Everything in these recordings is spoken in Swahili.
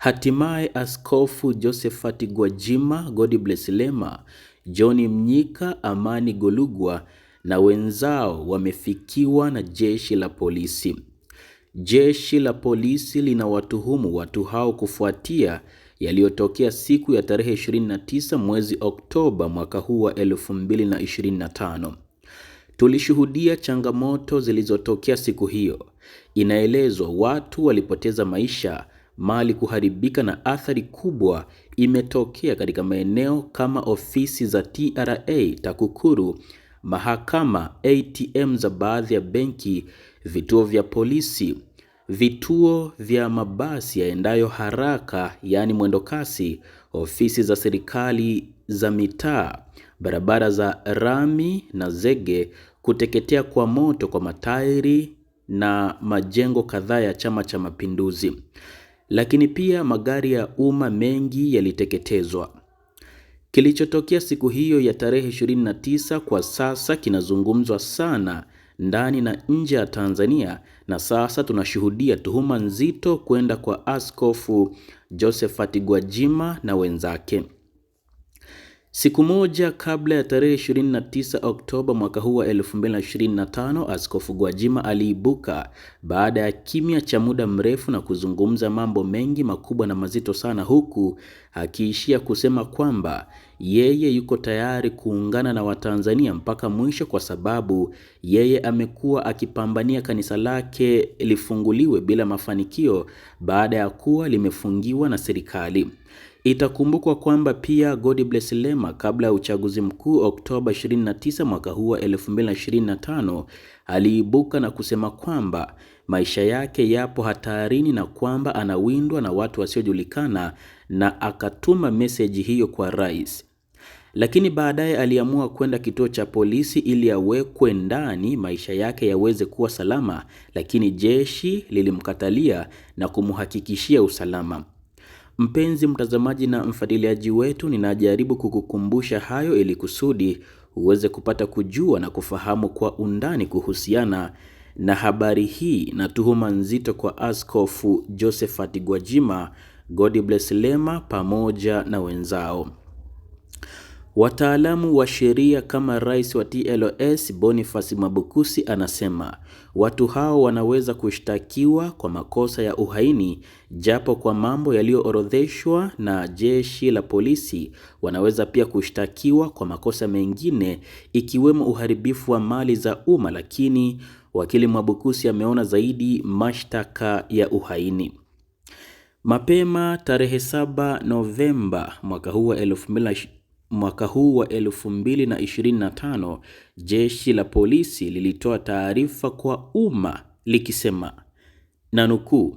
Hatimaye Askofu Josephat Gwajima, bless Lema, John Mnyika, Amani Golugwa na wenzao wamefikiwa na jeshi la polisi. Jeshi la polisi linawatuhumu watu hao kufuatia yaliyotokea siku ya tarehe 29 mwezi Oktoba mwaka huu wa 2025. Tulishuhudia changamoto zilizotokea siku hiyo. Inaelezwa watu walipoteza maisha mali kuharibika na athari kubwa imetokea katika maeneo kama ofisi za TRA, TAKUKURU, mahakama, ATM za baadhi ya benki, vituo vya polisi, vituo vya mabasi yaendayo haraka yaani mwendokasi, ofisi za serikali za mitaa, barabara za rami na zege, kuteketea kwa moto kwa matairi na majengo kadhaa ya Chama cha Mapinduzi lakini pia magari ya umma mengi yaliteketezwa. Kilichotokea siku hiyo ya tarehe 29 kwa sasa kinazungumzwa sana ndani na nje ya Tanzania, na sasa tunashuhudia tuhuma nzito kwenda kwa Askofu Josephat Gwajima na wenzake. Siku moja kabla ya tarehe 29 Oktoba mwaka huu wa 2025, Askofu Gwajima aliibuka baada ya kimya cha muda mrefu na kuzungumza mambo mengi makubwa na mazito sana, huku akiishia kusema kwamba yeye yuko tayari kuungana na Watanzania mpaka mwisho kwa sababu yeye amekuwa akipambania kanisa lake lifunguliwe bila mafanikio baada ya kuwa limefungiwa na serikali. Itakumbukwa kwamba pia Godbless Lema kabla ya uchaguzi mkuu Oktoba 29 mwaka huu wa 2025 aliibuka na kusema kwamba maisha yake yapo hatarini na kwamba anawindwa na watu wasiojulikana na akatuma meseji hiyo kwa rais. Lakini baadaye aliamua kwenda kituo cha polisi ili awekwe ndani, maisha yake yaweze kuwa salama, lakini jeshi lilimkatalia na kumhakikishia usalama. Mpenzi mtazamaji na mfuatiliaji wetu, ninajaribu kukukumbusha hayo ili kusudi uweze kupata kujua na kufahamu kwa undani kuhusiana na habari hii na tuhuma nzito kwa Askofu Josephat Gwajima, God bless Lema pamoja na wenzao. Wataalamu wa sheria kama Rais wa TLS Boniface Mwabukusi anasema watu hao wanaweza kushtakiwa kwa makosa ya uhaini japo kwa mambo yaliyoorodheshwa na jeshi la polisi wanaweza pia kushtakiwa kwa makosa mengine ikiwemo uharibifu wa mali za umma, lakini wakili Mwabukusi ameona zaidi mashtaka ya uhaini. Mapema tarehe 7 Novemba mwaka huu wa mwaka huu wa 2025 jeshi la polisi lilitoa taarifa kwa umma likisema, na nukuu,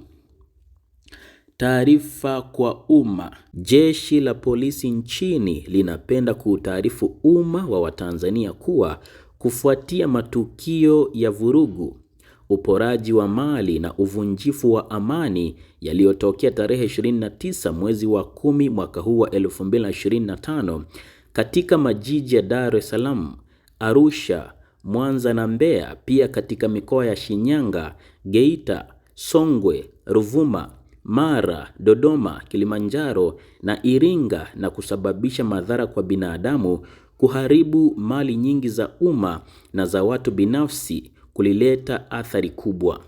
taarifa kwa umma, jeshi la polisi nchini linapenda kuutaarifu umma wa Watanzania kuwa kufuatia matukio ya vurugu uporaji wa mali na uvunjifu wa amani yaliyotokea tarehe 29 mwezi wa kumi mwaka huu wa 2025 katika majiji ya Dar es Salaam, Arusha, Mwanza na Mbeya, pia katika mikoa ya Shinyanga, Geita, Songwe, Ruvuma, Mara, Dodoma, Kilimanjaro na Iringa na kusababisha madhara kwa binadamu, kuharibu mali nyingi za umma na za watu binafsi kulileta athari kubwa.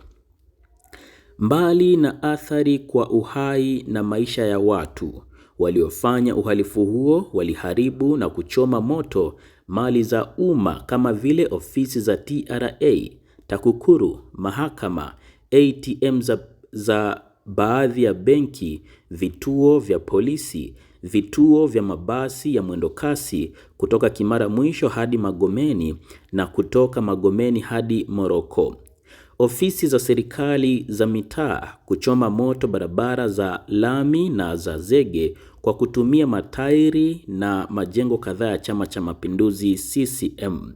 Mbali na athari kwa uhai na maisha ya watu, waliofanya uhalifu huo waliharibu na kuchoma moto mali za umma kama vile ofisi za TRA, TAKUKURU, mahakama, ATM za, za baadhi ya benki, vituo vya polisi vituo vya mabasi ya mwendokasi kutoka Kimara Mwisho hadi Magomeni na kutoka Magomeni hadi Moroko. Ofisi za serikali za mitaa kuchoma moto barabara za lami na za zege kwa kutumia matairi na majengo kadhaa ya Chama cha Mapinduzi CCM.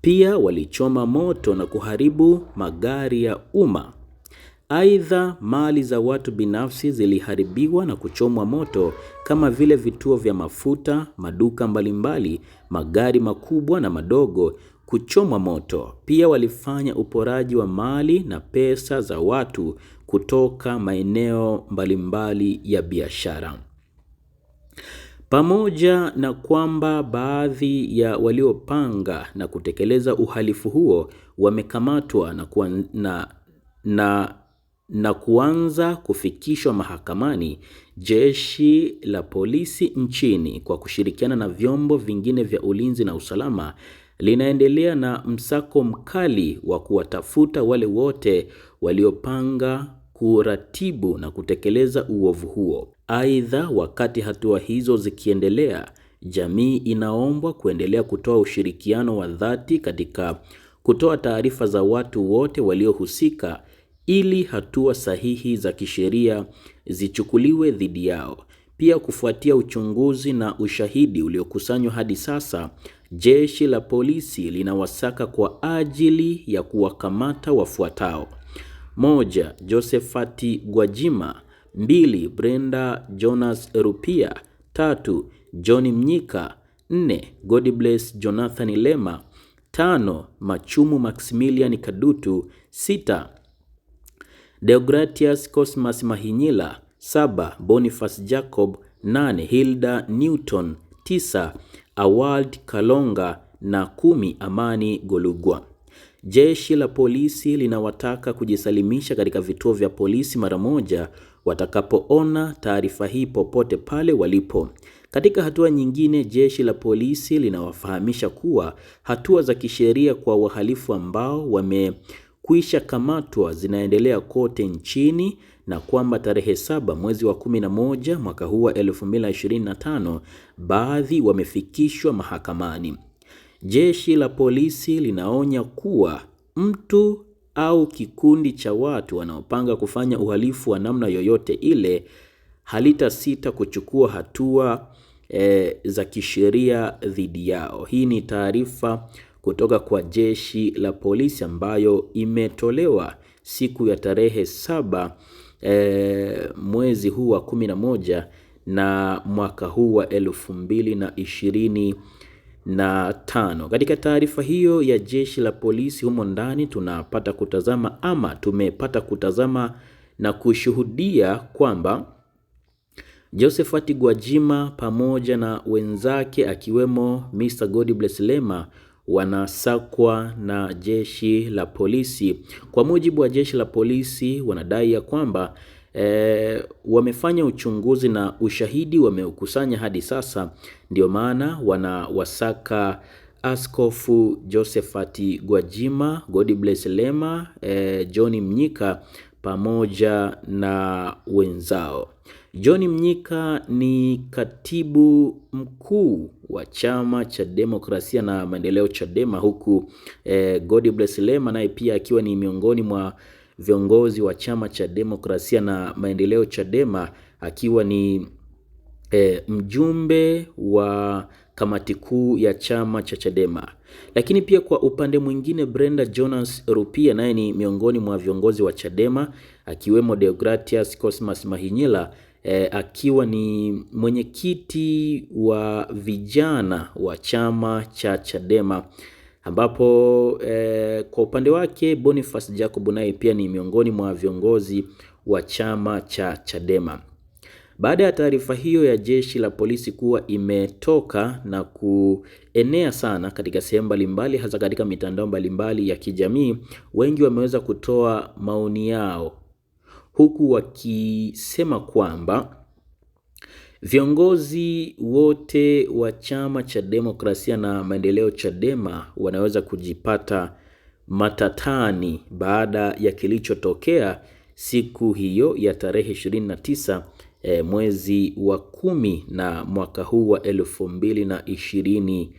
Pia walichoma moto na kuharibu magari ya umma Aidha, mali za watu binafsi ziliharibiwa na kuchomwa moto kama vile vituo vya mafuta, maduka mbalimbali, magari makubwa na madogo kuchomwa moto. Pia walifanya uporaji wa mali na pesa za watu kutoka maeneo mbalimbali ya biashara. Pamoja na kwamba baadhi ya waliopanga na kutekeleza uhalifu huo wamekamatwa na, na, na na kuanza kufikishwa mahakamani, jeshi la polisi nchini kwa kushirikiana na vyombo vingine vya ulinzi na usalama linaendelea na msako mkali wa kuwatafuta wale wote waliopanga kuratibu na kutekeleza uovu huo. Aidha, wakati hatua hizo zikiendelea, jamii inaombwa kuendelea kutoa ushirikiano wa dhati katika kutoa taarifa za watu wote waliohusika ili hatua sahihi za kisheria zichukuliwe dhidi yao. Pia, kufuatia uchunguzi na ushahidi uliokusanywa hadi sasa, jeshi la polisi linawasaka kwa ajili ya kuwakamata wafuatao: moja, Josephati Gwajima; mbili, Brenda Jonas Rupia; tatu, John Mnyika; nne, Godbless Jonathan Lema; tano, Machumu Maximilian Kadutu; sita, Deogratias Cosmas Mahinyila 7, Boniface Jacob 8, Hilda Newton 9, Award Kalonga na kumi Amani Golugwa. Jeshi la polisi linawataka kujisalimisha katika vituo vya polisi mara moja watakapoona taarifa hii popote pale walipo. Katika hatua nyingine, jeshi la polisi linawafahamisha kuwa hatua za kisheria kwa wahalifu ambao wame kuisha kamatwa zinaendelea kote nchini na kwamba tarehe saba mwezi wa 11 mwaka huu wa 2025 baadhi wamefikishwa mahakamani. Jeshi la polisi linaonya kuwa mtu au kikundi cha watu wanaopanga kufanya uhalifu wa namna yoyote ile halitasita kuchukua hatua e, za kisheria dhidi yao. Hii ni taarifa kutoka kwa jeshi la polisi ambayo imetolewa siku ya tarehe saba e, mwezi huu wa kumi na moja na mwaka huu wa elfu mbili na ishirini na tano. Katika taarifa hiyo ya jeshi la polisi humo ndani tunapata kutazama ama tumepata kutazama na kushuhudia kwamba Josephat Gwajima pamoja na wenzake akiwemo Mr. Godbless Lema wanasakwa na jeshi la polisi. Kwa mujibu wa jeshi la polisi, wanadai ya kwamba E, wamefanya uchunguzi na ushahidi wameukusanya hadi sasa, ndio maana wanawasaka Askofu Josephat Gwajima, bless Lema, e, John Mnyika pamoja na wenzao. John Mnyika ni katibu mkuu wa chama cha demokrasia na maendeleo Chadema, huku eh, bless Lema naye pia akiwa ni miongoni mwa viongozi wa chama cha demokrasia na maendeleo Chadema akiwa ni e, mjumbe wa kamati kuu ya chama cha Chadema. Lakini pia kwa upande mwingine, Brenda Jonas Rupia naye ni miongoni mwa viongozi wa Chadema akiwemo Deogratias Cosmas Mahinyila e, eh, akiwa ni mwenyekiti wa vijana wa chama cha Chadema ambapo e, kwa upande wake Boniface Jacob naye pia ni miongoni mwa viongozi wa chama cha Chadema. Baada ya taarifa hiyo ya jeshi la polisi kuwa imetoka na kuenea sana katika sehemu mbalimbali, hasa katika mitandao mbalimbali ya kijamii, wengi wameweza kutoa maoni yao, huku wakisema kwamba viongozi wote wa chama cha demokrasia na maendeleo Chadema wanaweza kujipata matatani baada ya kilichotokea siku hiyo ya tarehe 29 e, mwezi wa kumi na mwaka huu wa elfu mbili na ishirini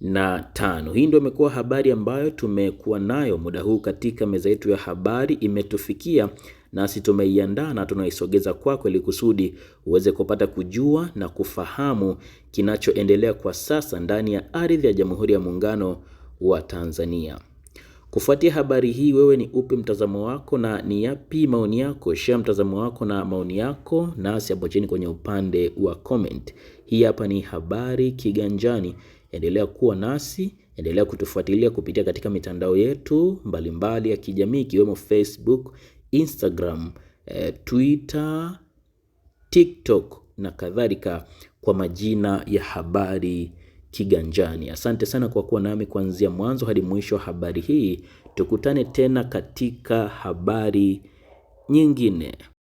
na tano. Hii ndio imekuwa habari ambayo tumekuwa nayo muda huu katika meza yetu ya habari, imetufikia nasi tumeiandaa na tunaisogeza kwako ili kusudi uweze kupata kujua na kufahamu kinachoendelea kwa sasa ndani ya ardhi ya Jamhuri ya Muungano wa Tanzania. Kufuatia habari hii, wewe ni upi mtazamo wako na ni yapi maoni yako? Share mtazamo wako na maoni yako nasi hapo chini kwenye upande wa comment. Hii hapa ni Habari Kiganjani. Endelea kuwa nasi, endelea kutufuatilia kupitia katika mitandao yetu mbalimbali mbali ya kijamii ikiwemo Facebook, Instagram, eh, Twitter, TikTok na kadhalika kwa majina ya Habari kiganjani. Asante sana kwa kuwa nami kuanzia mwanzo hadi mwisho wa habari hii. Tukutane tena katika habari nyingine.